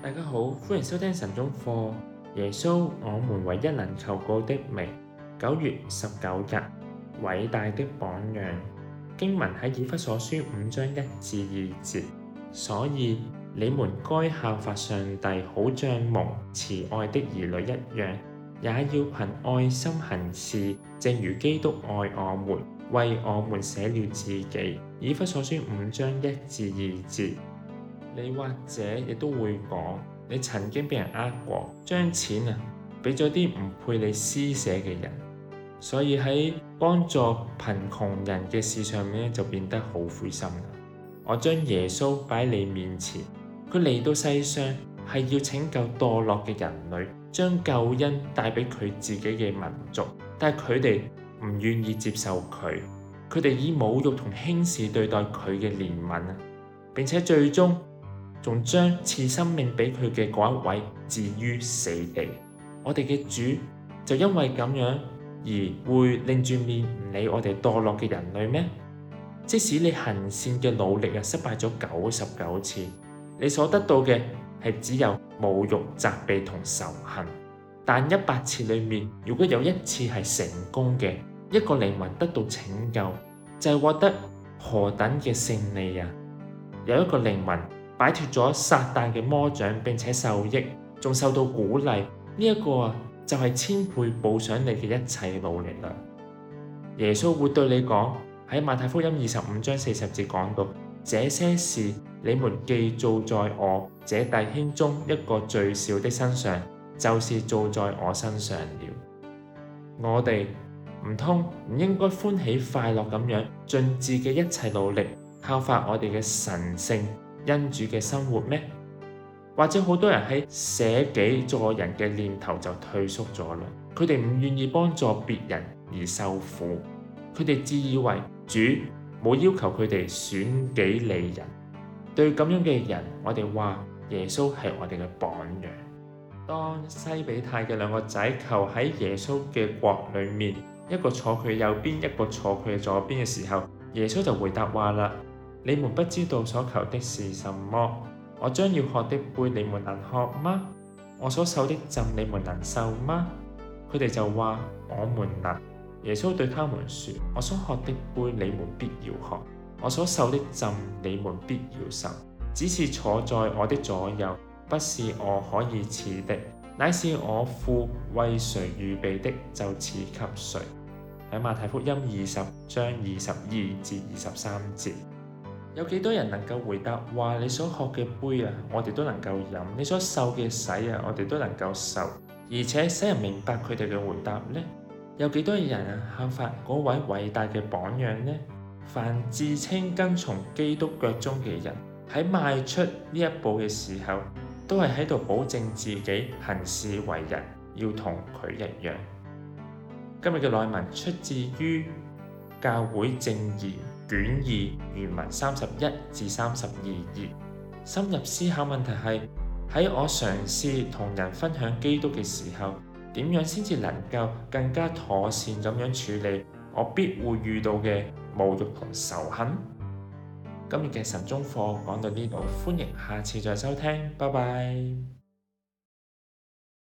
大家好，歡迎收聽神中課。耶穌，我們唯一能求告的名。九月十九日，偉大的榜樣。經文喺以弗所書五章一至二節。所以你們該效法上帝好，好像蒙慈愛的兒女一樣，也要憑愛心行事，正如基督愛我們，為我們捨了自己。以弗所書五章一至二節。你或者亦都會講，你曾經被人呃過，將錢啊俾咗啲唔配你施捨嘅人，所以喺幫助貧窮人嘅事上面就變得好灰心啦。我將耶穌擺喺你面前，佢嚟到世上係要拯救墮落嘅人類，將救恩帶俾佢自己嘅民族，但係佢哋唔願意接受佢，佢哋以侮辱同輕視對待佢嘅憐憫啊！並且最終，仲將賜生命畀佢嘅嗰一位置於死地，我哋嘅主就因為咁樣而會擰住面唔理我哋墮落嘅人類咩？即使你行善嘅努力啊，失敗咗九十九次，你所得到嘅係只有侮辱、責備同仇恨。但一百次裏面，如果有一次係成功嘅，一個靈魂得到拯救，就係、是、獲得何等嘅勝利啊！有一個靈魂。擺脫咗撒旦嘅魔掌，並且受益，仲受到鼓勵，呢、這、一個啊就是千倍報賞你嘅一切努力啦。耶穌會對你講，喺馬太福音二十五章四十節講到，這些事你們既做在我這弟兄中一個最小的身上，就是做在我身上了。我哋唔通唔應該歡喜快樂咁樣，盡自己一切努力效法我哋嘅神聖因主嘅生活咩？或者好多人喺捨己助人嘅念頭就退縮咗啦。佢哋唔願意幫助別人而受苦，佢哋自以為主冇要求佢哋損己利人。對咁樣嘅人，我哋話耶穌係我哋嘅榜樣。當西庇太嘅兩個仔求喺耶穌嘅國裏面，一個坐佢右邊，一個坐佢嘅左邊嘅時候，耶穌就回答話啦。你們不知道所求的是什麼。我將要喝的杯，你們能喝嗎？我所受的浸，你們能受嗎？佢哋就話：我們能。耶穌對他們説：我所喝的杯，你們必要喝；我所受的浸，你們必要受。只是坐在我的左右，不是我可以賜的，乃是我父為誰預備的，就賜給誰。喺馬太福音二十章二十二至二十三節。有幾多人能夠回答話，你所學嘅杯啊，我哋都能夠飲；你所受嘅洗啊，我哋都能夠受。而且使人明白佢哋嘅回答呢？有幾多人效法嗰位偉大嘅榜樣呢？凡自稱跟從基督腳蹤嘅人，喺邁出呢一步嘅時候，都係喺度保證自己行事為人要同佢一樣。今日嘅內文出自於教會證言。卷二，原文三十一至三十二頁，深入思考問題係喺我嘗試同人分享基督嘅時候，點樣先至能夠更加妥善咁樣處理我必會遇到嘅侮辱同仇恨？今日嘅神宗課講到呢度，歡迎下次再收聽，拜拜。